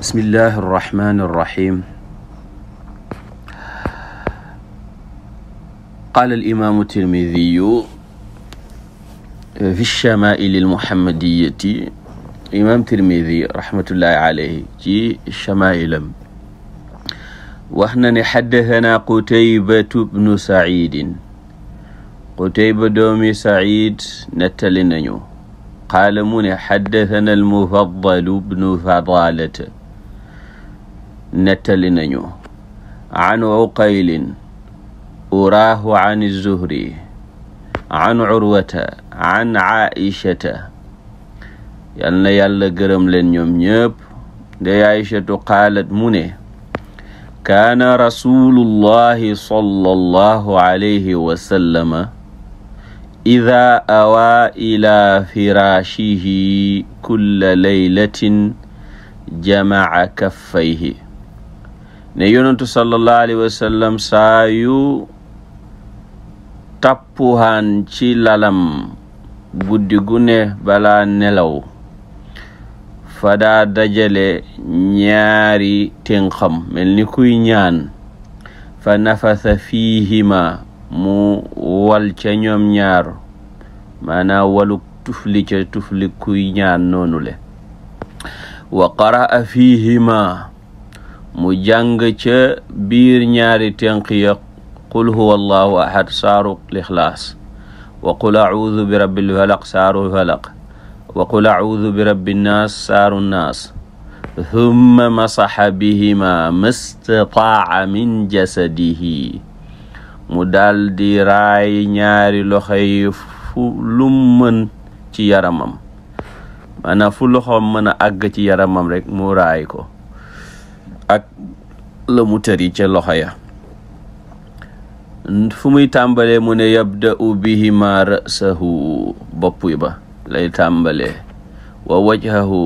bismillahi arrahmani arrahim qaala alimaamu tirmidiyu fi chamaili lmuhammadiyati imaam tirmidi rahmatullahi alayhi ci chamailam wax na ne xaddatanaa qutaybatu bnu saidin qutayba doomi said nettali nañu qaala mu ne xaddatana almufadalu bnu fadalata nettali nañu an uqaylin uraahu an zuhri an urwata an aishata yal na yàlla gërëm leen ñoom ñëpp de aishatu qaalat mu ne kaana rasulullahi sallallahu alayhi wa sallama ida awaa ila firaashihi kulla laylatin jamaca kaffayhi ne yonentu sallallahu alayhi wa sallam saa yu tappuhaan ci lalam guddi gune bala nelaw fadaa dajale ñaari ténxam mel ni kuy ñaan fa nafasa fiihima mu wal ca ñoom ñaar maanaam waluk tufli tufli kuy ñaan noonule wa qara'a fiihima mu jàng ca biir ñaari tenq ya qul huwa allahu ahad saaru lixlaas wa qul audu bi rabbil falaq saaru falaq wa qul audu bi rabbi nnaas saaru nnaas thumma masaxa bihima mastataaca min jasadihi mu daal di raay ñaari loxo yi fu lum mën ci yaramam maanaam fu loxoom mën a àgg ci yaramam rek mu raay ko ak la ca loxo ya fu muy tàmbalee mu ne yabda'u bihima ra'sahu bopp ba lay tàmbalee wa wajhahu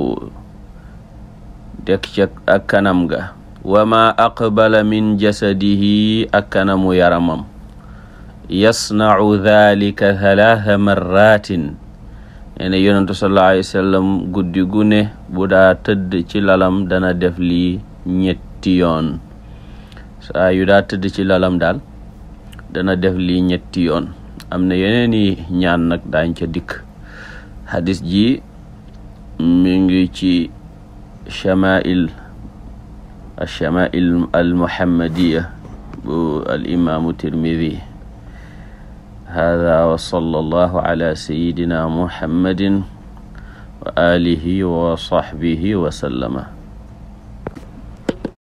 dek ca kanam ga wa ma aqbala min jasadihi ak kanamu yaramam yasna'u dhalika thalatha marratin guddi gu ne bu ci lalam dana def lii ñetti yoon saa yu daa ci lalam daal dana def li ñetti yoon am na yeneen ñaan nag daañ ca dikk hadis ji mi ngi ci chamail achamail al muhammadiya bu al imaamu tirmidi hada wa sallallahu ala sayidina muhammadin wa wa sahbihi wa sallama